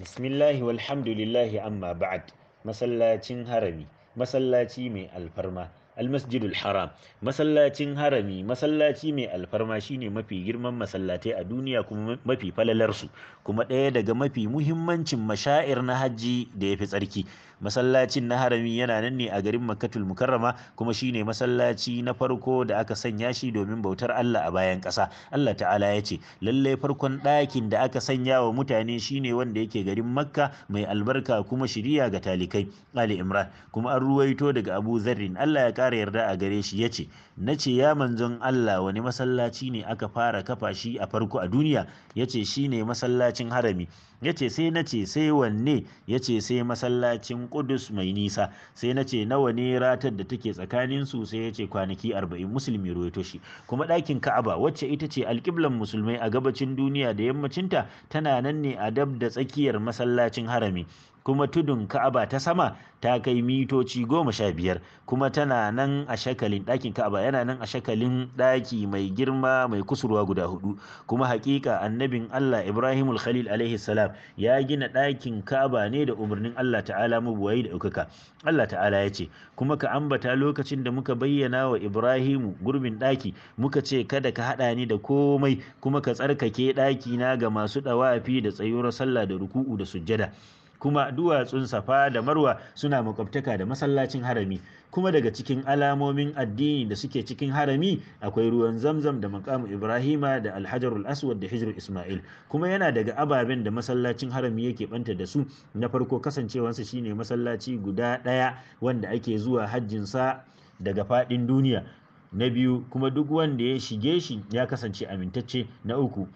bismillahi walhamdulillahi amma ba'ad masallacin harami masallaci mai alfarma almasjidul haram masallacin harami masallaci mai alfarma shine mafi girman masallatai a duniya kuma mafi falalarsu kuma ɗaya daga mafi muhimmancin mashair na hajji da ya fi tsarki masallacin na harami yana nan ne a garin makkatul mukarrama kuma shine masallaci na farko da aka sanya shi domin bautar allah a bayan ƙasa allah ta'ala ya ce lallai farkon ɗakin da aka sanya wa mutane shine wanda yake garin makka mai albarka kuma shiriya ga talikai ali imran kuma an ruwaito daga abu zarrin allah ya ƙara ƙara yarda a gare shi ya ce na ce ya manzon Allah wani masallaci ne aka fara kafa shi a farko a duniya ya ce shi ne masallacin harami ya ce sai na ce sai wanne ya ce sai masallacin kudus mai nisa sai na ce nawa ne ratar da take tsakanin su sai ya ce kwanaki arba'in musulmi ruwaito shi kuma ɗakin ka'aba wacce ita ce alƙiblan musulmai a gabacin duniya da yammacinta tana nan ne a dab da tsakiyar masallacin harami kuma tudun ka'aba ta sama ta kai mitoci goma sha biyar kuma tana nan a shakalin ɗakin ka'aba yana nan a shakalin ɗaki mai girma mai kusurwa guda hudu kuma hakika annabin allah ibrahimul khalil alaihi salam ya gina ɗakin ka'aba ne da umarnin allah ta'ala mabuwayi da ɗaukaka allah ta'ala ya ce kuma ka ambata lokacin da muka bayyana wa ibrahimu gurbin ɗaki muka ce kada ka haɗa ni da komai kuma ka tsarkake ɗaki na ga masu ɗawafi da tsayuwar sallah da ruku'u da sujjada kuma duwatsun safa da marwa suna makwabtaka da masallacin harami kuma daga cikin alamomin addini da suke cikin harami akwai ruwan zamzam da makamu ibrahima da alhajarul aswad da hijr isma'il kuma yana daga ababen da masallacin harami yake banta da su na farko kasancewarsa shine masallaci guda ɗaya wanda ake zuwa hajjin sa daga faɗin duniya na biyu kuma duk wanda ya shige shi ya kasance amintacce na uku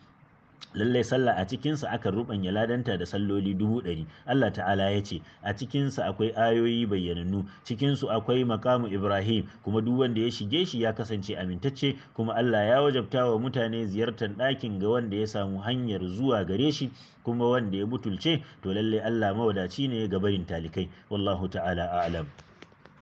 lallai sallah a cikinsa aka rubanya ladanta da salloli dubu ɗari Allah ta'ala ya ce a cikinsa akwai ayoyi bayyanannu cikinsu akwai makamu Ibrahim kuma duk wanda ya shige shi ya kasance amintacce kuma Allah ya wajabta wa mutane ziyartar ɗakin ga wanda ya samu hanyar zuwa gare shi kuma wanda ya mutulce to lallai Allah mawadaci ne ga barin talikai wallahu ta'ala a'lam